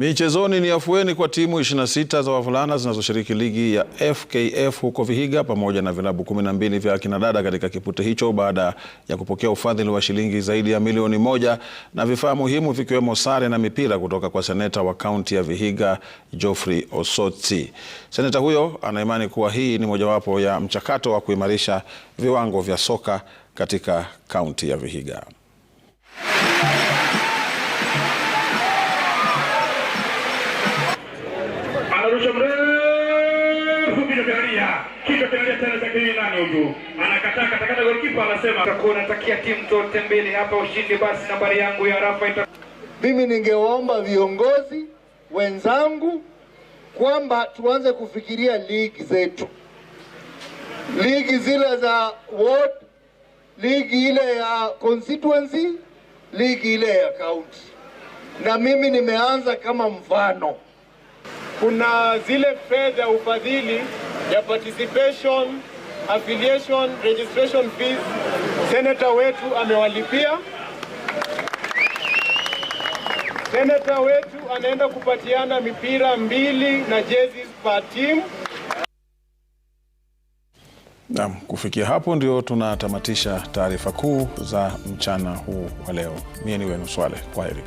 Michezoni ni afueni kwa timu 26 za wavulana zinazoshiriki ligi ya FKF huko Vihiga pamoja na vilabu 12 vya akinadada katika kipute hicho baada ya kupokea ufadhili wa shilingi zaidi ya milioni moja na vifaa muhimu vikiwemo sare na mipira kutoka kwa seneta wa kaunti ya Vihiga Geoffrey Osotsi. Seneta huyo anaimani kuwa hii ni mojawapo ya mchakato wa kuimarisha viwango vya soka katika kaunti ya Vihiga. Rusha mrefu kichwa kinalia. Kichwa kinalia tena cha kimi nani huyu? Anakataa katakata golikipa anasema kwa natakia timu zote mbili hapa ushindi basi nambari yangu ya Rafa ita. Mimi ningewaomba viongozi wenzangu kwamba tuanze kufikiria ligi zetu. Ligi zile za ward, ligi ile ya constituency, ligi ile ya county. Na mimi nimeanza kama mfano kuna zile fedha ufadhili ya participation affiliation registration fees seneta wetu amewalipia. Seneta wetu anaenda kupatiana mipira mbili na jerseys per team. Naam, kufikia hapo ndio tunatamatisha taarifa kuu za mchana huu wa leo. Mie ni wenu Swale, kwa heri